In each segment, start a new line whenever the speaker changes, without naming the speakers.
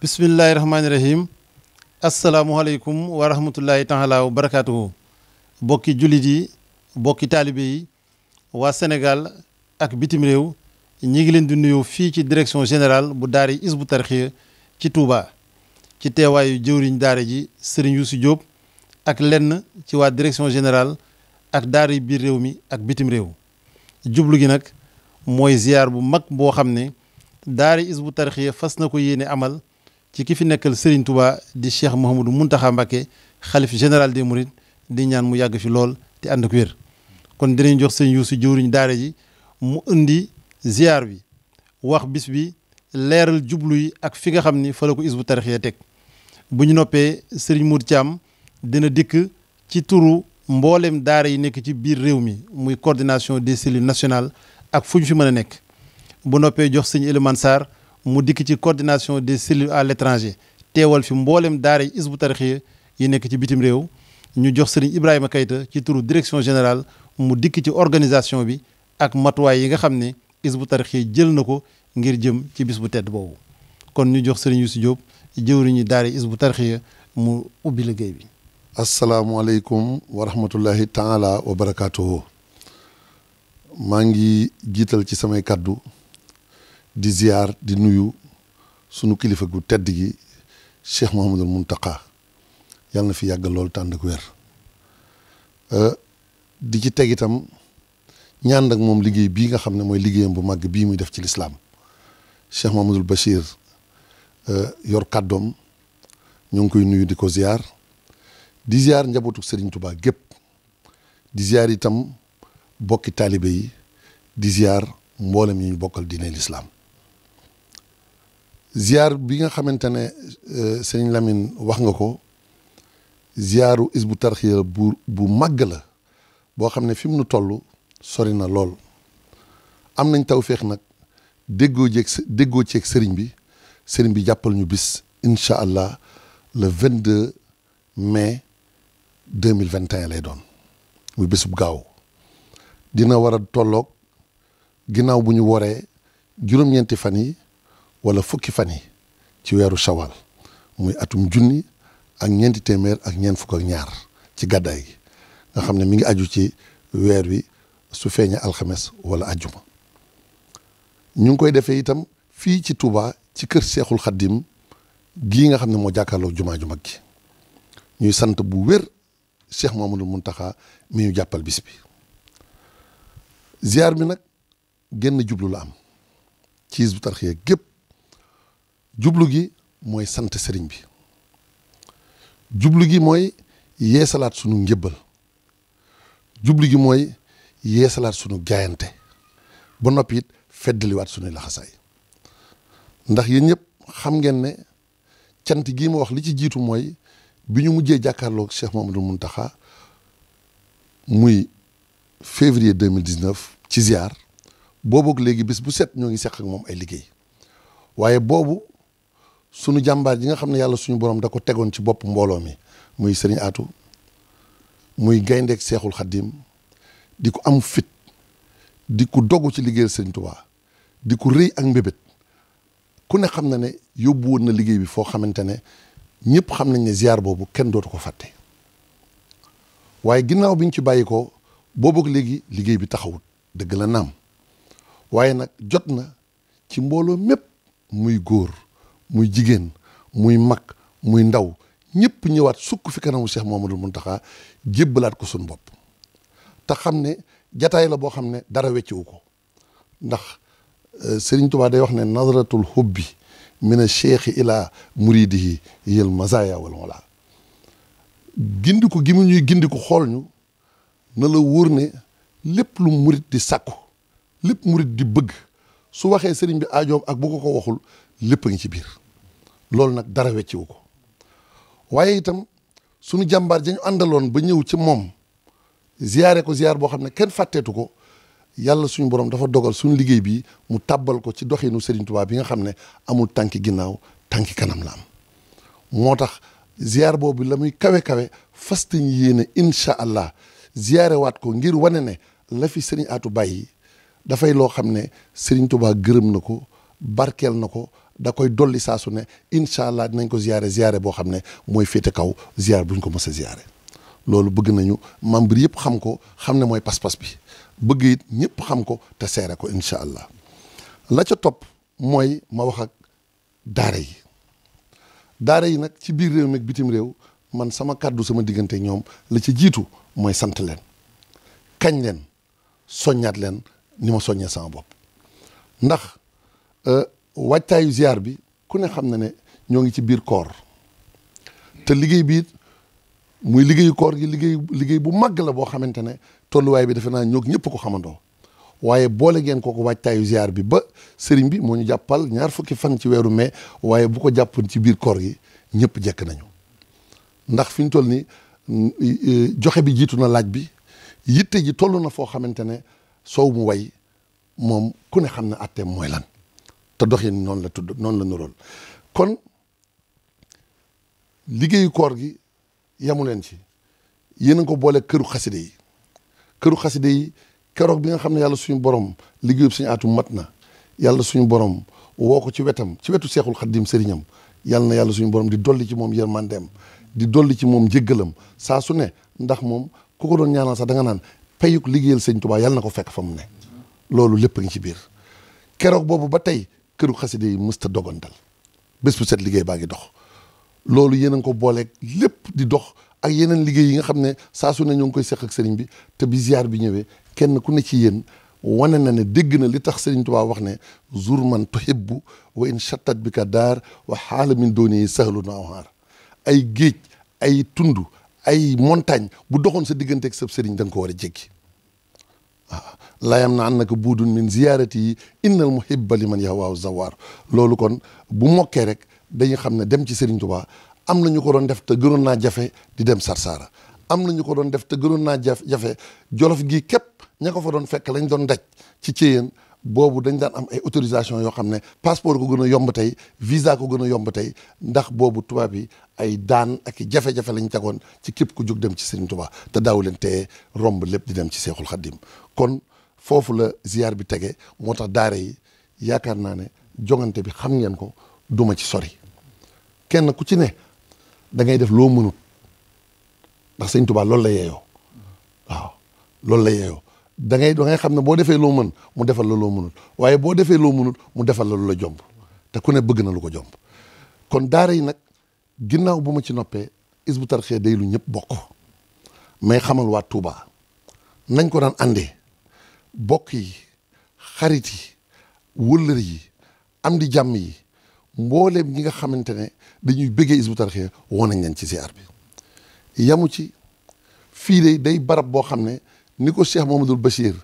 bismillahi rahmaani rahim asalaamualeykum wa rahmatullahi taala wa barakaatuhu bokki jullit yi bokki taalibe yi waa Sénégal ak bitim réew ñi ngi leen di nuyu fii ci direction général bu daara yi Hizbut Tarqiyyah ci Touba ci teewaayu jëwriñ daara ji Serigne Youssou Diop ak lenn ci waa direction général ak daara yi biir réew mi ak bitim réew jublu gi nag mooy ziar bu mag boo xam ne daara Hizbut Tarqiyyah fas na ko yéene amal ci ki fi nekkal Serigne Touba di Cheikh Mouhamadou Mountakha Mbacké xalif général de Mourides di ñaan mu yàgg fi lool te ànd ak wér kon dinañ jox sëñ Youssou jëwriñ daara ji mu indi ziar bi wax bis bi leeral jublu yi ak fi nga xam ni fa la ko isbu tarixee teg bu ñu noppee sëriñ Mour Thiam dina dikk ci turu mboolem daare yi nekk ci biir réew mi muy coordination des cellules nationales ak fu ñu fi mën a nekk bu noppee jox sëñ Elimane Sarr mu dikk ci coordination des cellules à l'étranger teewal fi mboolem daara isbu tarxiya yi nekk ci bitim réew ñu jox sëriñ Ibrahima Kayta ci turu direction général mu dikk ci organisation bi ak matuwaay yi nga xam ne isbu tarxiya jël na ko ngir jëm ci bis bu tedd boobu kon ñu jox sëriñ Youssou Diop jëwriñu daara isbu tarxiya mu ubbi liggéey bi.
asalaamualeykum wa rahmatullahi taala wa barakaatuhu maa ngi jiital ci samay kaddu. di ziar di nuyu sunu kilifa gu tedd gi Cheikh Mouhamadul Mountakha yàlla na fi yàgg lool tànd ak wér euh, di ci teg itam ñaan ak moom liggéey bii nga xam ne mooy liggéeyam bu màgg bii muy def ci lislaam Cheikh Mouhamadul Bachir euh, yor kàddoom ñoo ngi koy nuyu di ko ziar di ziar njabootu Serigne Touba gépp di ziar itam bokki taalibe di ziar mboolem yi ñu bokkal diine lislaam ziar bi nga xamante ne euh, sëñ Lamine wax nga ko is bu tarxiya bu bu màgg la boo xam ne fi mu nu toll sori na lool am nañ taw feex nag déggoo jeeg déggoo ceeg sëriñ bi sëriñ bi jàppal ñu bis incha allah le 22 mai 2021 lay doon muy bésub gaaw dina war a tollook ginnaaw bu ñu waree juróom-ñeenti fan yi wala fukki fan yi ci weeru shawal muy atum junni ak ñeenti téeméer ak ñeent fukk ak ñaar ci gàddaay gi nga xam ne mi ngi aju ci weer wi su feeñee alxames wala ajjuma ñu ngi koy defee itam fii ci Touba ci kër Seexul Xaddim gii nga xam ne moo jàkkarloo jumaa ju mag gi ñuy sant bu wér Cheikh mun Muntaxa mi ñu jàppal bis bi ziar bi nag génn jublu la am ci Hizbut Tarqiyyah gépp jublu gi mooy sant sëriñ bi jublu gi mooy yeesalaat sunu njëbbal jublu gi mooy yeesalaat sunu jaayante ba noppi it feddaliwaat sunuy laxasaay ndax yéen ñëpp xam ngeen ne cant gi ma wax li ci jiitu mooy bi ñu mujjee jàkkaarloog Cheikh mun Mountakha muy février deux mille dix-neuf ci ziar boobu léegi bis bu set ñoo ngi seq ak moom ay liggéey waaye boobu sunu jàmbaar ji nga xam ne yàlla suñu borom da ko tegoon ci boppu mbooloo mi muy sëriñ atu muy gayndeeg seexul xaddim di ko am fit di ko dogu ci liggéeyal sëriñ Tuubaa di ko rëy ak mbébét ku ne xam na ne yóbbu woon na liggéey bi foo xamante ne ñëpp xam nañ ne ziar boobu kenn dootu ko fàtte waaye ginnaaw biñ ci bàyyi ko boobu léegi liggéey bi taxawut dëgg la naam waaye nag jot na ci mbooloo mépp muy góor muy jigéen muy mag muy ndaw ñëpp ñëwaat sukk fi kanamu Cheikh mun taxaa jébbalaat ko suñu bopp te xam ne jataay la boo xam ne dara wecciwu ko ndax euh, Serigne Touba day wax ne nazratul hubbi min cheikhi ila muridihi yil mazaya wal wala gindi ko gi mu ñuy gindi ko xool ñu na la wóor ne lépp lu murit di sàkku lépp murit di bëgg su waxee sëriñ bi aajoom ak bugg ko waxul lépp a ci biir loolu nag dara wecciwu ko waaye itam sunu jàmbaar dañu àndaloon ba ñëw ci moom ziyaare ko ziyaar boo xam ne kenn fàtteetu ko yàlla suñu borom dafa dogal suñu liggéey bi mu tàbbal ko ci doxinu Serigne Touba bi nga xam ne amul tànki ginnaaw tànki kanam la am moo tax ziyaar boobu la muy kawe kawe fas yéene incha allah ziyaare waat ko ngir wane ne lafi fi aatu Atou bàyyi dafay loo xam ne Serigne Touba gërëm na ko barkeel na ko da koy dolli saasu ne incha allah dinañ ko ziare ziare boo xam ne mooy féete kaw ziare ñu ko mës a loolu bëgg nañu membre yëpp xam ko xam ne mooy pas-pas bi bëgg it ñëpp xam ko te seere ko incha allah la ca topp mooy ma wax ak daara yi daara yi nag ci biir réew mi ak bitim réew man sama kàddu sama diggante ñoom la ca jiitu mooy sant leen kañ leen soññaat leen. ni ma soññee sama bopp ndax euh, waajtaayu ziar bi ku ne xam na ne ñoo ngi ci biir koor te liggéey bi muy liggéeyu koor gi liggéey liggéey bu màgg la boo xamante ne tolluwaay bi defe naa ñoog ñëpp ko xamandoo waaye boole ngeen kooku waajtaayu ziar bi ba sëriñ bi moo ñu jàppal ñaar fukki fan ci weeru mai waaye bu ko jàppoon ci biir koor gi ñëpp jekk nañu ndax fi ñu toll ni joxe bi jiitu na laaj bi yitte ji toll na foo xamante ne soow mu way moom ku ne xam ne atteem mooy lan te doxin noonu la tudd noonu la nurool kon liggéeyu koor gi yamu leen ci yéen a ko boole këru xaside yi këru xaside yi keroog bi nga xam ne yàlla suñu borom liggéeyub suñu aatu mat na yàlla suñu borom woo ci wetam ci wetu seexul xaddim sëriñam yàlla na yàlla suñu borom di dolli ci moom yërmandeem di dolli ci moom njëggalam saa su ne ndax moom ku ko doon ñaanal sax da naan payuk liggéeyal sëñ Tuubaa yàlla na ko fekk fa mu ne loolu lépp ngi ci biir keroog boobu ba tey këru xasida yi mësta dogantal bés bu set liggéey baa ngi dox loolu yéen a ngi ko booleek lépp di dox ak yeneen liggéey yi nga xam ne saa su ne ñoo ngi koy seq ak sëriñ bi te bi bi ñëwee kenn ku ne ci yéen wane na ne dégg na li tax sëriñ Tuubaa wax ne zur man tuhibbu wa in chattat bi ka daar wa xaala min dooni yi sahlun aw haar ay géej ay tund ay montagne bu doxoon sa digganteek sab sëriñ da ko war a jéggi waaw ah, layam na annaka buudun min ziyaarati yi innal muhibba liman waaw zawaar loolu kon bu mokkee rek dañuy xam ne dem ci sëriñ Tuubaa am na ñu ko doon def te gënoon naa jafe di dem Sarsara am na ñu ko doon def te gënoon naa jafe jafe jolof gi képp ña ko fa doon fekk lañ doon daj ci céyeen boobu dañ daan am ay autorisation yoo xam ne passeport ko gën a yomb tey visa ko gën a yomb tey ndax boobu tubaab yi ay daan ak jafe-jafe lañ tegoon ci képp ku jóg dem ci Serigne Touba te daaw leen teye romb lépp di dem ci Seexul Xaddim kon foofu la ziar bi tege moo tax daare yi yaakaar naa ne jongante bi xam ngeen ko duma ci sori kenn ku ci ne dangay def loo mënut ndax Serigne Touba loolu la yeeyoo waaw loolu la yeeyoo da ngay da ngay xam ne boo defee loo mën mu defal la loo mënul waaye boo defee loo mënul mu defal la lu la jomb te ku ne bëgg na lu ko jomb kon daara yi nag ginnaaw bu ma ci noppee Hizbut Tarqiyyah day lu ñëpp bokk mais xamal waa Touba nañ ko daan àndee bokk yi xarit yi wëllër yi am di jàmm yi mbooleem ñi nga xamante ne dañuy bëggee Hizbut Tarqiyyah woo nañ leen ci ziar bi yamu ci fii de day barab boo xam ne ni ko ma Mamadou Bachir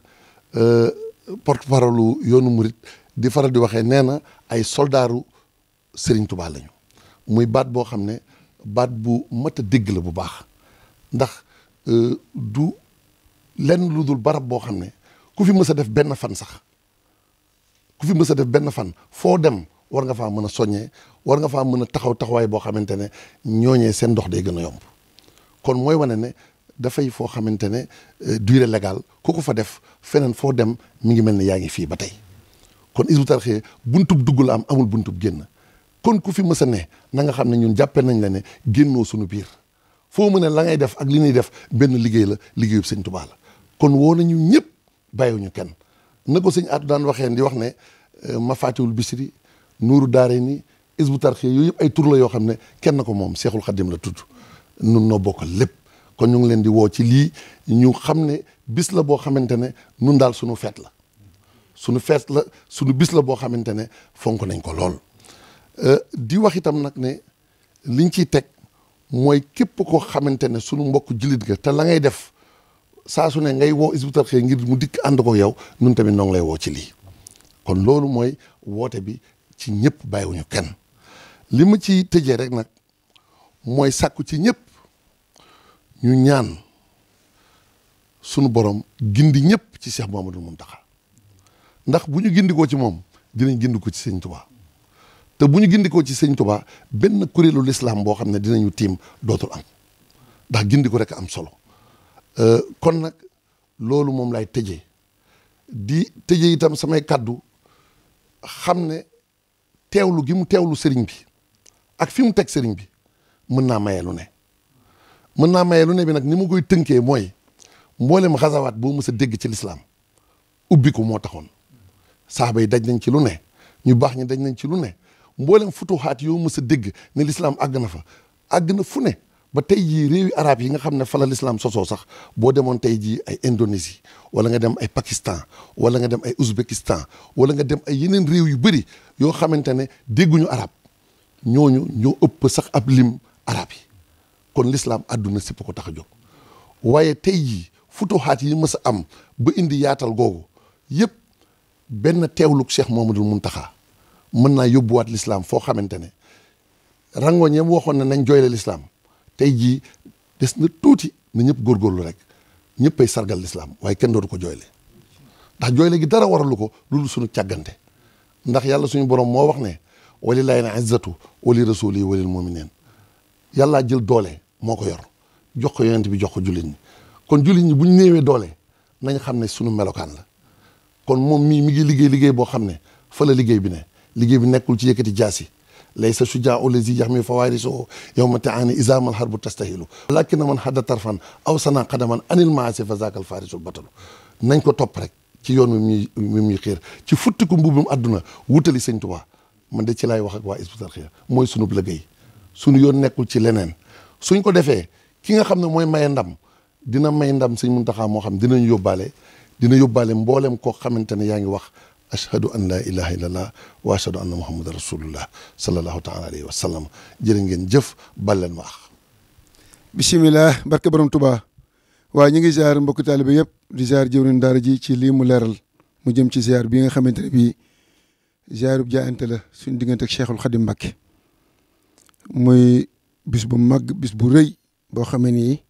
euh, porte parole lu yoonu murit di faral di waxee nee na ay soldaaru Serigne Touba lañu muy baat boo xam ne baat bu mat dégg la bu baax ndax euh, du lenn lu dul barab boo xam ne ku fi mës a def benn fan sax ku fi mës a def benn fan foo dem war nga faa mën a soññee war nga faa mën a taxaw taxawaay boo xamante ne ñooñee seen ndox day gën a yomb kon mooy wane ne dafay foo xamante ne euh, durée légale ku ko fa def feneen foo dem mi ngi mel ne yaa ngi fii ba tey kon Hizbut Tarqiyyah buntub dugg la am amul buntub génn kon ku fi mës a ne na nga xam ne ñun jàppee nañ la ne génnoo suñu biir foo mu ne la ngay def ak li ñuy def benn liggéey la liggéeyub sëñ Tuubaa la kon woo nañu ñëpp bàyyiwuñu kenn na ko sëñ Atou daan waxee di wax ne ma euh, Mafaatihul Bisri Nuuru Daarayni Hizbut Tarqiyyah yooyu yëpp ay tur yoo xam ne kenn ko moom Seexul Xaddim la tudd nun noo bokkal lépp kon ñu ngi leen di woo ci lii ñu xam ne bis la boo xamante ne nun daal suñu feet la sunu feet la suñu bis la boo xamante ne fonk nañ ko lool euh, di wax itam nag ne liñ ciy teg mooy képp koo xamante ne suñu mbokk jullit nga te la ngay def saa su ne ngay woo Hizbut Tarqiyyah ngir mu dikk ànd ko yow nun tamit noo lay woo ci lii kon loolu mooy woote bi ci ñëpp bàyyiwuñu kenn li ma ci tëjee rek nag mooy sàkku ci ñëpp ñu ñaan sunu borom gindi ñëpp ci Cheikh moom Mountakha ndax bu ñu koo ci moom dinañ gindikoo ci sëñ Touba te bu ñu koo ci sëñ Touba benn kuréelu lislaam boo xam ne dinañu tiim dootul am ndax ko rek am solo euh, kon nag loolu moom lay tëjee di tëjee itam samay kàddu xam ne teewlu gi mu teewlu sëriñ bi ak fi mu teg sëriñ bi mën naa maye lu ne mën naa maye lu ne bi nag ni ma koy tënkee mooy mboolem xasawaat boo mës a dégg ci lislaam ubbi ko moo taxoon saaba yi daj nañ ci lu ne ñu baax ñi daj nañ ci lu ne mboolem futuxaat yoo mës dégg ne lislaam àgg na fa àgg na fu ne ba tey jii réewi arab yi nga xam ne fa la lislaam sosoo sax boo demoon tey jii ay Indonésie wala nga dem ay Pakistan wala nga dem ay Ouzbékistan wala nga dem ay yeneen réew yu bëri yoo xamante ne dégguñu arab ñooñu ëpp sax ab lim arab yi kon lislaam àdduna si ko tax a jóg waaye tey jii futuxaat yi mës am ba indi yaatal googu yëpp benn teewluk cheikh Mouhamadoul Mountakha mën naa yóbbuwaat lislaam foo xamante ne rangoñ yam waxoon na nañ jooyle l'islam tey jii des na tuuti na ñëpp lu rek ñëppay sargal l'islam waaye kenn dootu ko jooyle ndax jooyle gi dara waralu ko loolu sunu càggante ndax yàlla suñu borom moo wax ne walilahi na izzatu wali rasuli walil mumineen yàllaa jël doole moo ko yor jox ko yonent bi jox ko jullit kon jullit ñi bu ñu néewee doole nañ xam ne sunu melokaan la kon moom mii mi ngi liggéey liggéey boo xam ne fa la liggéey bi ne liggéey bi nekkul ci yëkkati jaasi laysa shujaa'u lazi yaxmi fawaarisahu yawma ta'aani izaa mal harbu tastahilu lakinna man hadda tarfan aw sana qadaman anil maasi fa zaakal faarisul batalu nañ ko topp rek ci yoon wi muy mi muy xiir ci futtiku mbubbum àdduna wutali sëñ Tuubaa man de ci laay wax ak waa mooy sunu liggéey sunu yoon nekkul ci leneen suñ ko defee ki nga xam ne mooy maye ndam dina may ndam sëñ Muntaxa moo xam dinañ yóbbaale dina yóbbaale mboolem koo xamante ne yaa ngi wax ashhadu an la ilaha illallah wa ashhadu anna muhammadan rasulullah sallallahu taala alayhi wa sallam jërë ngeen jëf balleen wax
bisimilah barke borom tubaa waa ñu ngi ziar mbokki taalibe yëpp di ziar jëwriñ daara ji ci lii mu leeral mu jëm ci ziar bi nga xamante ne bii bi jaayante la suñu diggante ak Cheikhul Khadim Mbacké muy bis bu mag bis bu rëy boo xamee ni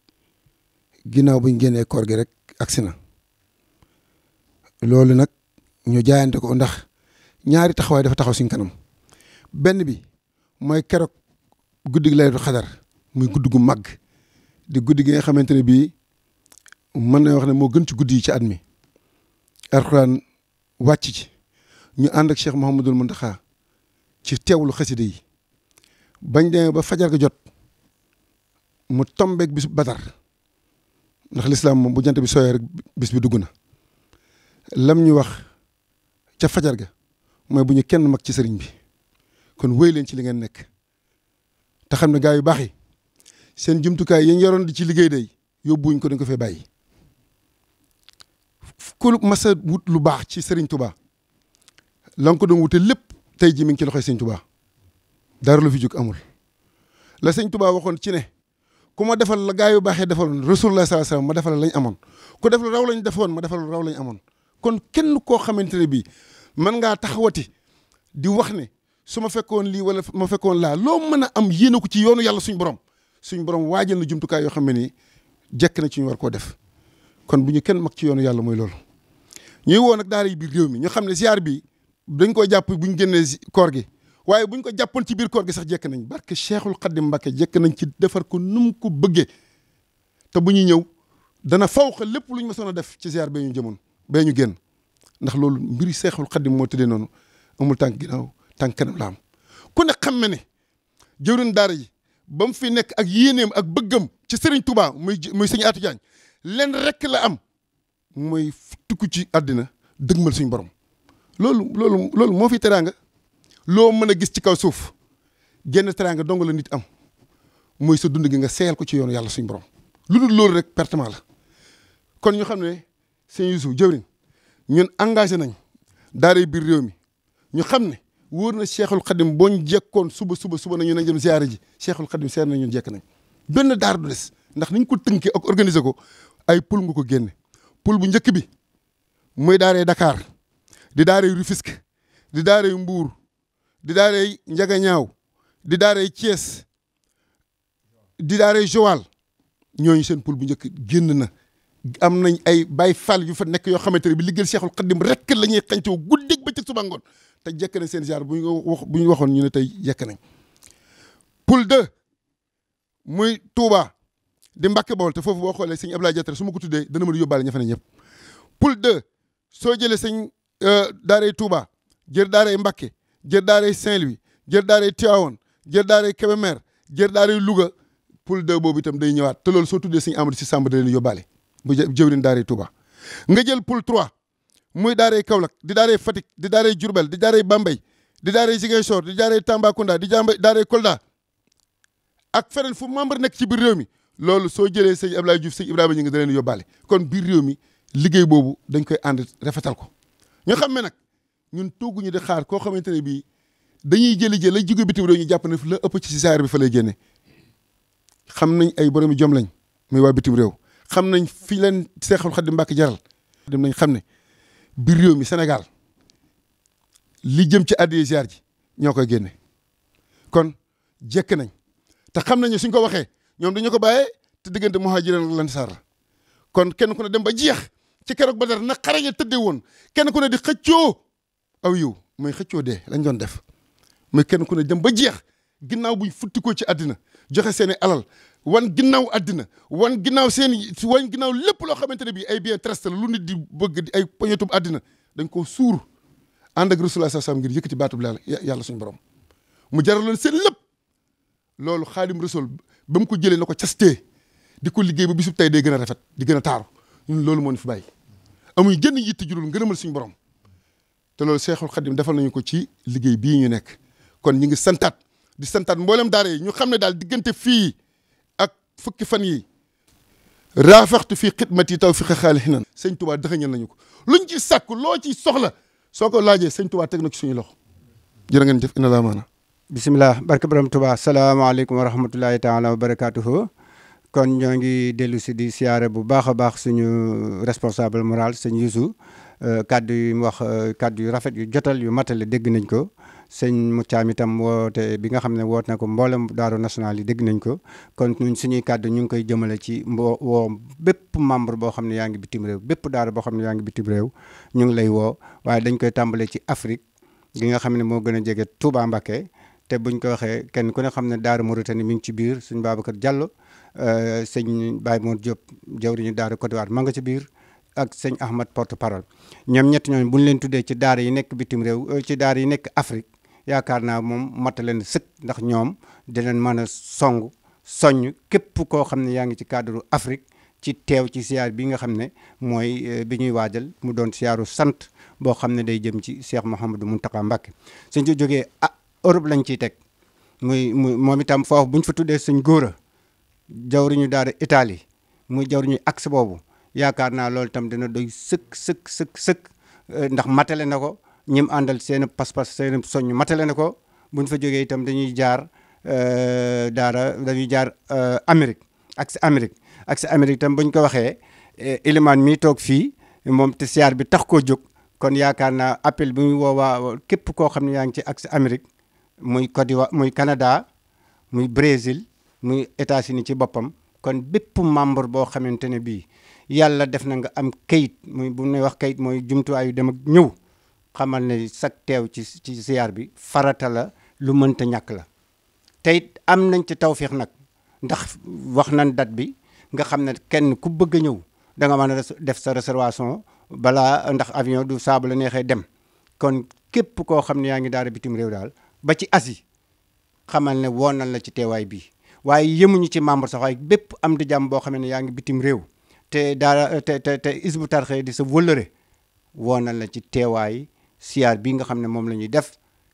ginnaaw buñ génnee koor gi rek agsi na loolu nag ñu jaayante ko ndax ñaari taxawaay dafa taxaw suñ kanam benn bi mooy keroog guddi gi laylatul xadar muy guddi gu mag di guddi gi nga xamante ne bii mën na wax ne moo gën ci guddi ci at mi alxuraan wàcc ci ñu ànd ak Cheikh Mouhamadul Muntaxa ci teewlu xasida yi bañ demee ba fajar ga jot mu tombeeg bisu Badar ndax lislaam moom bu jant bi sooyee rek bis bi dugg na lam ñu wax ca fajar ga mooy bu ñu kenn mag ci sëriñ bi kon wéy leen ci li ngeen nekk te xam ne gaa yu baax yi seen jumtukaay yi ñu yoroon di ci liggéey day yóbbuwuñ ko dañ ko fee bàyyi ku mas wut lu baax ci sëriñ Touba la nga ko doon wute lépp tey ji mi ngi ci loxoy sëriñ Touba dara la fi jóg amul la sëñ Tuubaa waxoon ci ne ku ma defal la gaa yu baaxee defaloon Rasulullah sallallahu alayhi wasallam ma defal lañ amoon ko def la raw lañ defoon ma defal raw lañ amoon kon kenn koo xamante ne bii man ngaa taxawati di wax ne su ma fekkoon lii wala ma fekkoon laa loo mën a am yéene ko ci yoonu yàlla suñ borom suñ borom waajal na jumtukaay yoo xam ne nii jekk na ci ñu war koo def kon bu kenn mag ci yoonu yàlla mooy loolu. ñuy woo nag daara yi biir réew mi ñu xam ne ziar bi dañ koy jàpp bu ñu génnee koor gi. waaye buñ ko jàppoon ci biir koor gi sax jekk nañ barke Cheikhul Khadim mbake jekk nañ ci defar ko num ko bëggee te bu ñuy ñëw dana fawqa lépp lu ñu mësoon a def ci ziar bee ñu jëmoon bee ñu génn ndax loolu mbiri Cheikhul Khadim moo tëddee noonu amul tànk ginnaaw tànk kanam la am ku ne xam ne ne jëwrin daara ji ba mu fi nekk ak yéeneem ak bëggam ci Serigne Touba muy muy sëñ Atou Diagne lenn rek la am muy tukku ci àddina dëgmal suñu borom loolu loolu moo fi teraanga loo mën a gis ci kaw suuf génn teraanga dong la nit am mooy sa dund gi nga seeyal ko ci yoonu yàlla suñ borom lu dul loolu rek pertement la kon ñu xam ne sëñ Youssouf jëwriñ ñun engagé nañ daaray biir réew mi ñu xam ne wóor na Cheikhul Khadim boo jekkoon suba suba suba nañu nañ dem ziare ji Cheikhul Khadim seer nañu ñun jekk nañ benn daar du des ndax niñ ko tënkee ak organiser ko ay pul nga ko génne pul bu njëkk bi mooy daaree dakaar di daaree Rufisque di daaree Mbour di daaray njagañaaw di daaray Thiès di daaray Joal ñooñu seen pul bu njëkk génn na am nañ ay bay Faal yu fa nekk yoo xamante ne bi liggéeyal Seexul Xaddim rek la ñuy xañtoo guddeeg bëccëg suba ngoon te jekk nañ seen jaar bu ñu bu ñu waxoon ñu ne tey jekk nañ pul de muy Touba di Mbàkke Bawol te foofu boo xoolee sëñ Abdoulaye su ma ko tuddee dana mën a yóbbaale ña fa ne ñëpp pul de soo jëlee sëñ euh, daaray Touba jër daaray Mbàkke jër daaray Saint-Louis jër daaray Tivaouane jër daaray Kébémer jër daaray Louga poul de boobu itam day ñëwaat te loolu soo tuddee sëñ Amadou si Samba da leen yóbbaale bu jëwrin daaray Touba nga jël poul 3 muy daaray kawlak di daaray Fatick di daaray jurbal di daaray Bambey di daaray Ziguinchor di daaray Tambacounda di jàmba daaray Kolda ak feneen fu membre nekk ci biir réew mi loolu soo jëlee sëñ Abdoulaye Diouf sëñ Ibrahima ñu ngi da leen yóbbaale kon biir réew mi liggéey boobu dañ koy ànd rafetal ko ñu xam nag ñun ñu di xaar koo xamante ne bii dañuy jëli jël la jóge bitim réew ñu jàpp na la ëpp ci si saar bi fa lay xam nañ ay boroomi jom lañ muy waa bitim réew xam nañ fi leen seexul xadim mbàkk jaral dem nañ xam ne biir réew mi senegal li jëm ci addiye ziar ji ñoo koy génne kon jekk nañ te xam nañ suñ ko waxee ñoom dañu ko bàyyee te diggante muhajirin ak lansaar la kon kenn ku ne dem ba jeex ci keroog ba dara na xaraña tëdde woon kenn ku ne di xëccoo aw yow mooy xëccoo dee lañ doon def mooy kenn ku ne dem ba jeex ginnaaw buñ futtikoo ci àddina joxe seen alal wan ginnaaw addina wan ginnaaw seen wan ginnaaw lépp loo xamante ne bii ay bien trust la lu nit di bëgg di ay poñetum àddina dañ koo suur ànd ak rasulullah sallallahu alayhi wasallam ngir yëkkati baatub yàlla yàlla suñu borom mu jaraloon seen lépp loolu xaadim rasul ba mu ko jëlee na ko castee di ko liggéey ba bisub tey day gën a rafet di gën a taaru ñun loolu moo ñu fi bàyyi amuñ jënn yitti jurul ngërëmal suñu borom te loolu Seexul Xadim defal nañu ko ci liggéey bii ñu nekk kon ñu ngi santaat di santaat mboolem daara yi ñu xam ne daal diggante fii ak fukki fan yi raafaxtu fii xidmat yi taw fi xaxaali xinan sëñ Tuubaa dëxëñal nañu ko luñ ci sàkku loo ci soxla soo ko laajee sëñ Tuubaa teg na ci suñu loxo jërë ngeen jëf ina laa maana bisimilah barke borom
tubaa salaamaaleykum wa rahmatulahi taala wa barakaatuhu kon ñoo ngi dellu si di siyaare bu baax a baax suñu responsable moral sëñ Youssou Euh, kàddu yu wax euh, kàddu yu rafet yu jotal yu matale dégg nañ ko sëñ Mucaam itam woote bi nga xam ne woote na ko mboolem daaru national yi dégg nañ ko kon ñun suñuy kàddu ñu ngi koy jëmale ci mboo woo bépp membre boo xam ne yaa ngi bitim réew bépp daara boo xam ne yaa ngi bitim réew ñu ngi lay woo waaye dañ koy tàmbale ci Afrique gi nga xam ne moo gën a jege Touba Mbacké te buñ ko waxee kenn ku ne xam ne daaru Mauritanie mi ngi ci biir suñ Babacar Diallo euh, sëñ baay moo Diop jawriñu daar Côte d'Ivoire nga ci biir ak sëñ Ahmad porte parole ñoom ñett ñooñu bu ñu leen tuddee ci daara yi nekk bitim réew euh, ci daar yi nekk Afrique yaakaar naa moom mat leen sëkk ndax ñoom dinañ mën a song soññ képp koo xam ne yaa ngi ci cadre Afrique ci teew ci siyaar bii nga xam ne mooy euh, bi ñuy waajal mu doon siyaaru sant boo xam ne day jëm ci Cheikh Mouhamadou Mountakha Mbacké suñ ci jógee ah Europe lañ ciy teg muy muy moom itam foofu bu ñu fa tuddee suñ góor a jawriñu itali Italie muy jawriñu axe boobu yaakaar naa loolu itam dina doy sëkk sëkk sëkk sëkk eh, ndax matele na ko ñim àndal seen pas-pas seen soññ matale na ko buñ fa jógee itam dañuy jaar eh, dara dañuy jaar eh, Amérique ak si Amérique ak si Amérique itam buñ ko waxee ilimaan mi toog fii moom te siyaar bi tax koo jóg kon yaakaar naa appel bi ñu woowaa képp koo xam ne yaa ngi ci ak si Amérique muy Côte d'Ivoire muy Canada muy Brésil muy États-Unis ci boppam kon bépp membre boo xamante ne bii yàlla def na nga am kayit muy bu ñuy wax kayit mooy jumtuwaayu dem ak ñëw xamal ne sag teew ci ci siyaar bi farata la lu mënta ñàkk la tey am nañ ci tawféex nag ndax wax nan date bi nga xam ne kenn ku bëgg a ñëw danga nga mën a def sa réservation balaa ndax avion du saabu la neexee dem kon képp koo xam ne yaa ngi daara bitim réew daal ba ci Asie xamal ne woonal la ci teewaay bi waaye yëmuñu ci membre sax waaye bépp am di jàmm boo xam ne yaa ngi bitim réew te daara te te te di sa wëllëre woo na la ci teewaay siyaar bi nga xam ne moom la ñuy def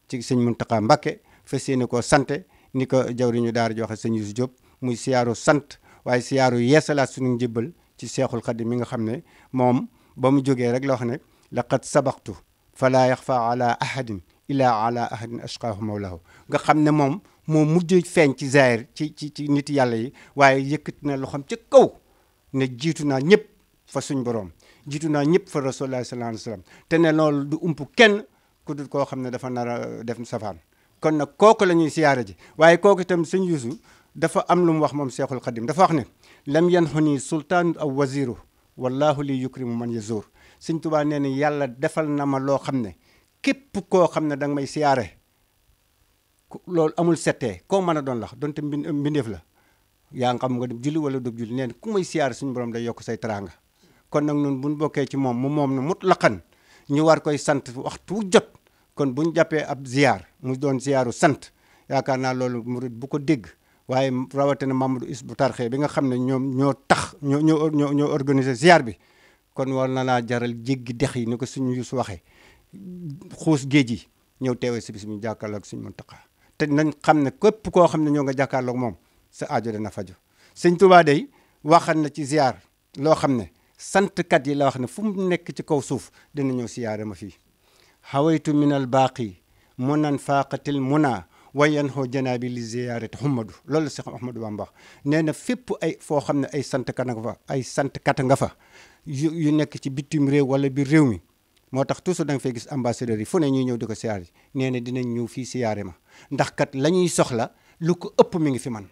ci sëñ Muntaxa Mbàkke fas yéene ko sante ni ko jawriñu daara joxe sëñ Yuusu Jóob muy siyaaru sant waaye siyaaru yeesalaat suñu njëbbal ci seexul xadim mi nga xam ne moom ba mu jógee rek la wax ne laqad sabaqtu falaa yaxfa ala ahadin illa ala ahadin ashqaahu mawlaahu nga xam ne moom moo mujj feeñ ci zaahir ci ci ci nit yàlla yi waaye yëkkati na loxoom ci kaw ne jiitu naa ñëpp fa suñ borom jiitu naa ñëpp fa rasulullah sallallahu alayhi wasallam te ne loolu du ump kenn ku dul koo xam ne dafa nara def safaan kon nag kooku la ñuy siyaare ji waaye kooku itam sëñ Yuusu dafa am lu mu wax moom Seexul Xadim dafa wax ne lam yanhuni sultaanu aw waziru wallahu li yukrimu man yazur sëñ Tuubaa nee na yàlla defal na ma loo xam ne képp koo xam ne da nga may siyaare loolu amul settee koo mën a doon lax donte mbindeef la yaa nga xam nga dub julli wala dub julli neen na ku siyaar suñu borom day yokk say teraanga kon nag nun buñ bokkee ci moom mu moom nu mutlaqan ñu war koy sant waxtu jot kon buñ jàppee ab ziyaar mu doon ziyaaru sant yaakaar naa loolu murid bu ko dégg waaye rawatina Mamadou Hizbut Tarqiyyah bi nga xam ne ñoom ñoo tax ñoo ñoo ñoo ñoo organiser ziyaar bi kon war na laa jaral jéggi dex yi ni ko suñu yus waxee xuus géej yi ñëw teewee si bis mi jàkkaarloog suñu Muntaxa te nañ xam ne képp koo xam ne ñoo nga jàkkaarloog moom sa aajo dana faju sëñ Tuubaa day waxan na ci ziar loo xam ne santkat yi la wax ne fu nekk ci kaw suuf dina ñëw siyaare ma fii hawaytu min al baaqi munan faaqatil muna wayan hoo janaabi li ziyaarati Ahmadu loolu la Seex Ahmadu Bamba wax nee na fépp ay foo xam ne ay santkat nga ay santkat nga fa yu yu nekk ci bitim réew wala biir réew mi moo tax toujours da nga fay gis ambassadeurs yi fu ne ñuy ñëw di ko siyaare nee dinañ ñëw fii siyaare ma ndax kat la ñuy soxla lu ko ëpp mi ngi fi man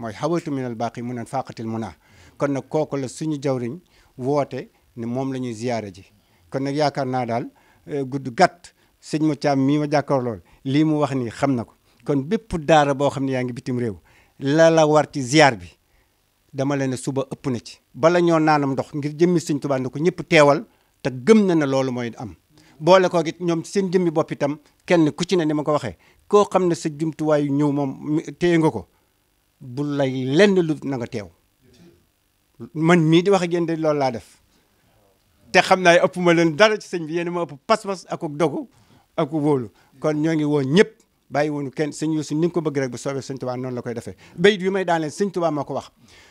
mooy lu xawatu minal baaqi mu neen faqatil mu naa kon nag kooku la suñu jawriñ woote ni moom la ñuy ziyaare ji kon nag yaakaar naa daal e, gudd gàtt sëñ ma caam mii ma jàkkaar lool lii mu wax nii xam na ko kon bépp daara boo xam ne yaa ngi bitim réew la la war ci ziyaar bi dama leen ne suba ëpp na ci bala ñoo naanam ndox ngir jëmmi sëñ Tuubaa ne ko ñëpp teewal te gëm na ne loolu mooy am boole koo it ñoom seen jëmmi bopp itam kenn ku ci ne ni ma ko waxee koo xam ne sa jumtuwaayu ñëw moom téye nga ko bu lay lenn lu na nga teew man mii di wax ak yéen de loolu laa def te xam naa ëpp ma leen dara ci bi yéen ma ëpp pas-pas ak dogu ak wóolu kon ñoo ngi woo ñëpp bàyyi woonu kenn sëñ Youssou ni nga ko bëgg rek bu soobee sëñ Tuubaa noonu la koy defee bayit bi may daaneel sëñ Tuubaa moo ko wax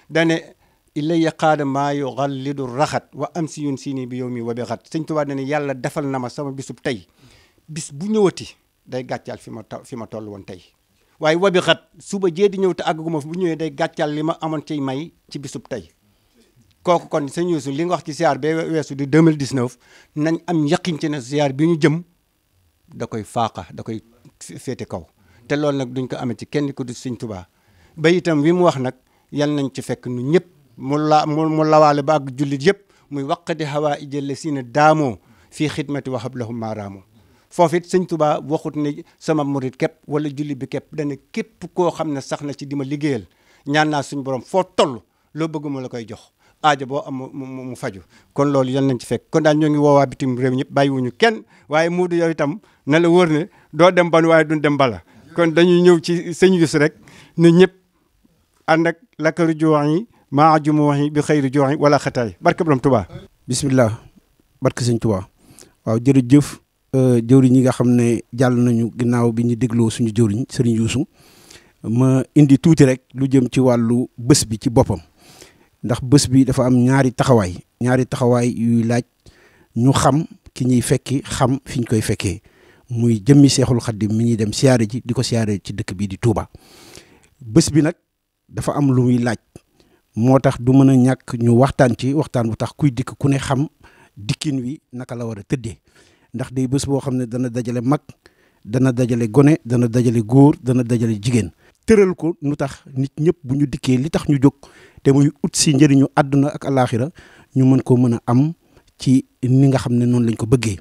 dane ilayya qaada maa yuxallidu raxat wa am si yun si bi yow mi wa bi xat sëñ Tuubaa dane yàlla defal na ma sama bisub tey bis bu ñëw ñëwati day gàccaal fi ma fi ma toll woon tey waaye wabi xat suba jee di ñëw te àgguma fi bu ñëwee day gàccal li ma amoon ciy may ci bisub tey kooku kon sëñ Youssou li nga wax ci siyaar bee weesu di 2019 nañ am yaqin ci ne siyaar bi ñu jëm da koy faaqa da koy féete kaw te loolu nag duñ ko amee ci kenn ku di sëñ Tuubaa ba itam wi mu wax nag yal nañ ci fekk nu ñëpp mu la mu lawaale ba ak jullit yëpp muy waqdi hawa ijëlle si na daamoo fii xidmati waxab lahum maaraamoo foofu it sëñ Tuubaa waxut ne sama murit képp wala julli bi képp dana képp koo xam ne sax na ci di ma liggéeyal ñaan naa suñu borom foo toll loo bëgg mu la koy jox aajo boo am mu faju kon loolu yan nañ ci fekk kon daal ñoo ngi woowaa bitim réew ñëpp bàyyiwuñu kenn waaye muudu yow itam na la wóor ne doo dem ban waaye duñ dem bala kon dañuy ñëw ci sëñ Yuusu rek ne ñëpp ànd ak lakkaru jowax yi maa ju mu wax yi bi xëyri jowax yi wala xataay barke borom Tuubaa bismillah barke sëñ Tuubaa waaw jërëjëf
Euh, jëwriñ yi nga xam ne jàll nañu ginnaaw bi ñu dégloo suñu jëwriñ sëriñ Youssou ma indi tuuti rek lu jëm ci wàllu bés bi ci boppam ndax bés bi dafa am ñaari taxawaay ñaari taxawaay yuy laaj ñu xam ki ñuy fekki xam fi ñu koy fekkee muy jëmmi seexul xaddim mi ñuy dem siyaare ji di ko siyaare ci dëkk bii di Touba bës bi nag dafa am lu muy laaj moo tax du mën a ñàkk ñu waxtaan ci waxtaan bu tax kuy dikk ku ne xam dikkin wi naka la war a tëddee ndax day bés boo xam ne dana dajale mag dana dajale gone dana dajale góor dana dajale jigéen tëral ko nu tax nit ñëpp bu ñu dikkee li tax ñu jóg te muy ut si njëriñu àdduna ak alaaxira ñu mën koo mën a am ci ni nga xam ne noonu lañ ko bëggee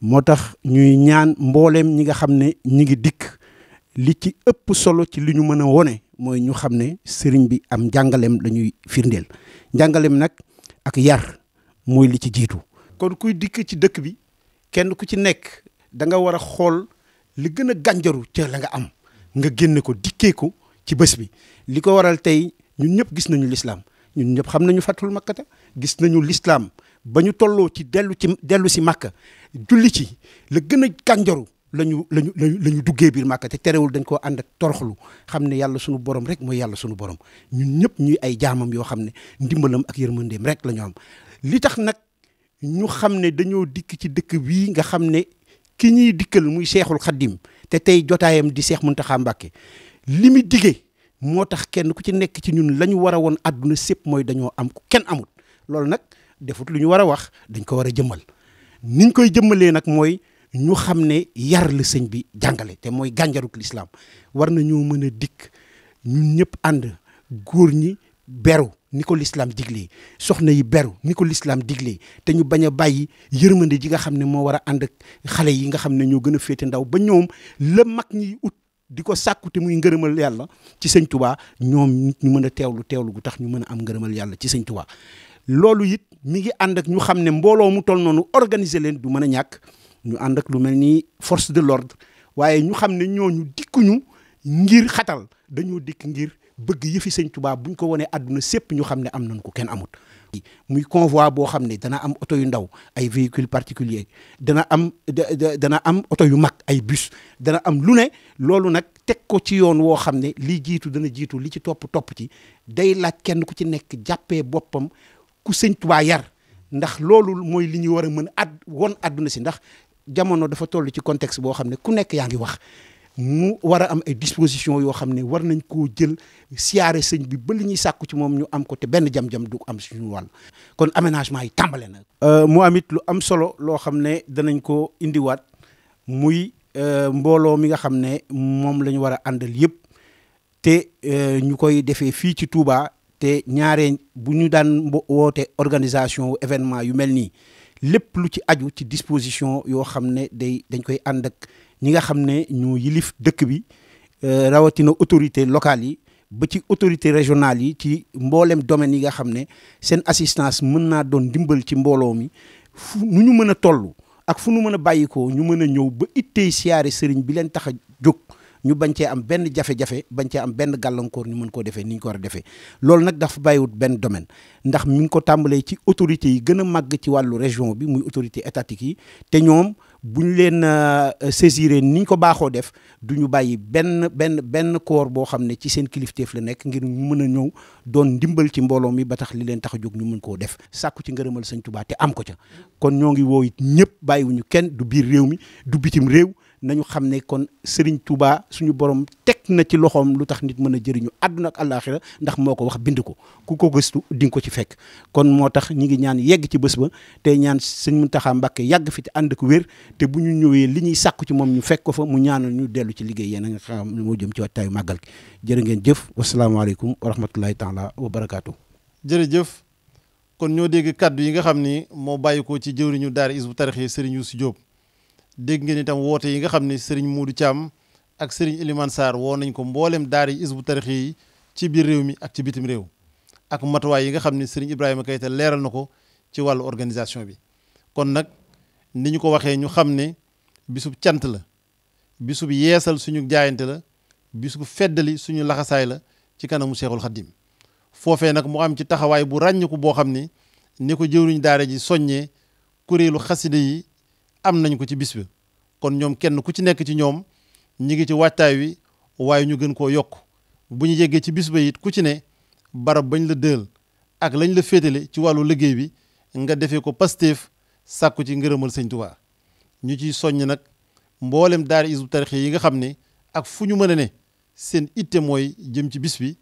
moo tax ñuy ñaan mbooleem ñi nga xam ne ñi ngi dikk li ci ëpp solo ci li ñu mën a wone mooy ñu xam ne sëriñ bi am njàngaleem la ñuy firndeel njàngaleem nag ak yar mooy li ci jiitu kon kuy dikk ci dëkk bi kenn ku ci nekk da nga war a xool li gën a gànjaru ca la nga am nga génne ko dikkee ko ci bés bi li ko waral tey ñun ñëpp gis nañu lislaam ñun ñëpp xam nañu fattul makkata gis nañu lislaam ba ñu tolloo ci dellu ci dellu si màkka julli ci la gën a gànjaru lañu lañu la ñu duggee biir màkka te terewul dañ koo ànd ak toroxlu xam ne yàlla sunu borom rek mooy yàlla sunu borom ñun ñëpp ñu ay jaamam yoo xam ne ndimbalam ak yërmandeem rek la am li tax ñu xam ne dañoo dikk ci dëkk bii nga xam ne ki ñuy dikkal muy seexul xaddim te tey jotaayam di seex Muntaxa Mbàkke li mu digee moo tax kenn ku ci nekk ci ñun la ñu war a woon àdduna sépp mooy dañoo am ku kenn amul loolu nag defut lu ñu war a wax dañ ko war a jëmmal niñ koy jëmmalee nag mooy ñu xam ne yar la sëñ bi jàngale te mooy gànjaruk lislaam war na ñoo mën a dikk ñun ñëpp ànd góor ñi beru ni ko lislaam diglee soxna yi beru ni lislam lislaam te ñu bañ a bàyyi yërmande ji nga xam ne moo war a ànd ak xale yi nga xam ne ñoo gën a féete ndaw ba ñoom la mag ñi ut di ko sàkku te muy ngërëmal yàlla ci sëñ tubaa ñoom ñu mën a teewlu teewlu gu tax ñu mën a am ngërëmal yàlla ci sañ tubaa loolu it mi ngi ànd ak ñu xam ne mbooloo mu toll noonu organiser leen du mën a ñàkk ñu ànd ak lu mel nii force de l'ordre waaye ñu xam ne ñooñu dikkuñu ngir xatal dañoo dikk ngir bëgg yëfi sëñ Tuubaa buñ ko wanee àdduna sépp ñu xam ne am nañ ko kenn amut muy convoi boo xam ne dana am oto yu ndaw ay véhicules particuliers dana am dana am oto yu mag ay bus dana am lu ne loolu nag teg ko ci yoon woo xam ne lii jiitu dana jiitu li ci topp topp ci day laaj kenn ku ci nekk jàppee boppam ku sëñ tubaa yar ndax loolu mooy li ñuy war a mën a at won adduna si ndax jamono dafa toll ci contexte boo xam ne ku nekk yaa ngi wax mu war a am ay disposition yoo xam ne war nañ koo jël siyaare sëñ bi ba li ñuy sàkku ci moom ñu am ko te benn jam-jam du am suñu wal kon aménagement yi tàmbale nag euh, mu am it lu am solo loo xam ne danañ ko indiwaat muy euh, mbooloo mi nga xam ne moom lañu war a àndal yëpp te euh, ñu koy defee fii ci Touba te ñaare bu ñu daan woote organisation événement yu mel nii lépp lu ci aju ci disposition yoo xam ne day dañ koy ànd ak. ñi nga xam ne ñu yilif dëkk bi euh, rawatina autorité locale yi ba ci autorité régionale yi ci mboolem domaine yi nga xam ne seen assistance mën naa doon dimbal ci mbooloo mi fu ñu mën a toll ak fu nu mën a bàyyikoo ñu mën a ñëw ba ittey siyaare sëriñ bi leen tax a jóg ñu bañ cee am benn jafe-jafe bañ cee am benn gàllankoor ñu mën koo defee ni ñu ko war a defee loolu nag dafa bàyyiwut benn domaine ndax mi ngi ko tàmbalee ci autorités yi gën a màgg ci wàllu région bi muy autorité étatique yi te ñoom bu ñu leen euh, euh, saisir ni ñu ko baaxoo def du ñu bàyyi benn benn benn koor boo xam ne ci seen kilifteef la nekk ngir ñu mën a ñëw doon ndimbal ci mbooloo mi ba tax li leen tax a jóg ñu mën koo def sàkku ci ngërëmal sëñ Tuubaa te am ko ca kon ñoo ngi woo it ñëpp bàyyiwuñu kenn du biir réew mi du bitim réew nañu xam ne kon Serigne tubaa suñu borom teg na ci loxoom lu tax nit mën a jëriñu àdduna ak àllaaxira ndax moo ko wax bind ko ku ko gëstu di nga ko ci fekk. kon moo tax ñi ngi ñaan yegg ci bés ba tey ñaan mu Mountakha Mbacké yàgg fi te ànd ku wér te bu ñu ñëwee li ñuy sàkku ci moom ñu fekk ko fa mu ñaanal ñu dellu ci liggéey yéen a nga xam ne moo jëm ci wattaayu màggal gi jërë ngeen jëf wasalaamaaleykum wa rahmatulahi taala wa barakaatu.
jërëjëf kon ñoo dégg kàddu yi nga xam ni moo bàyyi ko ci jëwriñu daara Hizbut Tarqiyyah Serigne si Diop dégg ngeen itam woote yi nga xam ne Serigne Modou Thiam ak Serigne Elimane Sarr woo nañ ko mbooleem daara yi isbu tarix yi ci biir réew mi ak ci bitim réew ak matuwaay yi nga xam ne Serigne Ibrahima te leeral na ko ci wàllu organisation bi. kon nag ni ñu ko waxee ñu xam ne bisub cant la bisub yeesal suñu jaayante la bisub feddali suñu laxasaay la ci kanamu Cheikhul Khadim foofee nag mu am ci taxawaay bu ràññiku boo xam ne ni ko jëwriñ daara ji soññee kuréelu xaside yi. am nañ ko ci bis kon ñoom kenn ku ci nekk ci ñoom ñi ngi ci waajtaay wi waaye ñu gën koo yokk bu ñu yeggee ci bis ba it ku ci ne barab bañ la dël ak lañ la féetale ci wàllu liggéey bi nga defee ko Pastef sàkku ci ngërëmal sëñ Tuubaa ñu ciy soññ nag mboolem daara Hizbut Tarqiyyah yi nga xam ni ak fu ñu mën a ne seen itte mooy jëm ci bis bi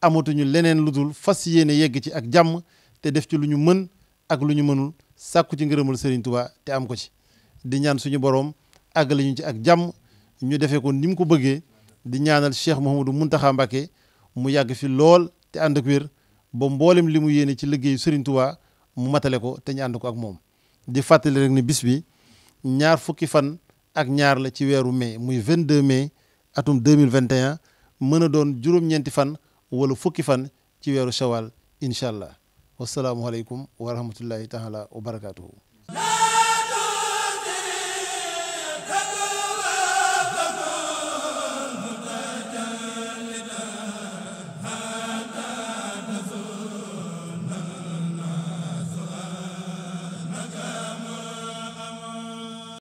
amatuñu leneen lu dul fas yéene yegg ci ak jàmm te def ci lu ñu mën ak lu ñu mënul sàkku ci ngërëmal sëriñ Tuubaa te am ko ci di ñaan suñu borom àggale ñu ci ak jàmm ñu defee ko ni mu ko bëggee di ñaanal Cheikh Mouhamadou Mountakha Mbacké mu yàgg fi lool te ànd ak wér ba mboolem li mu yéene ci liggéey Serigne Touba mu matale ko te ñu ànd ko ak moom. di fàttali rek ni bis bi ñaar fukki fan ak ñaar la ci weeru mais muy vingt 22 mais atum 2021 mën a doon juróom-ñeenti fan wala fukki fan ci weeru shawal incha allah wasalaamualeykum wa rahmatullahi taala wa barakaatuhu.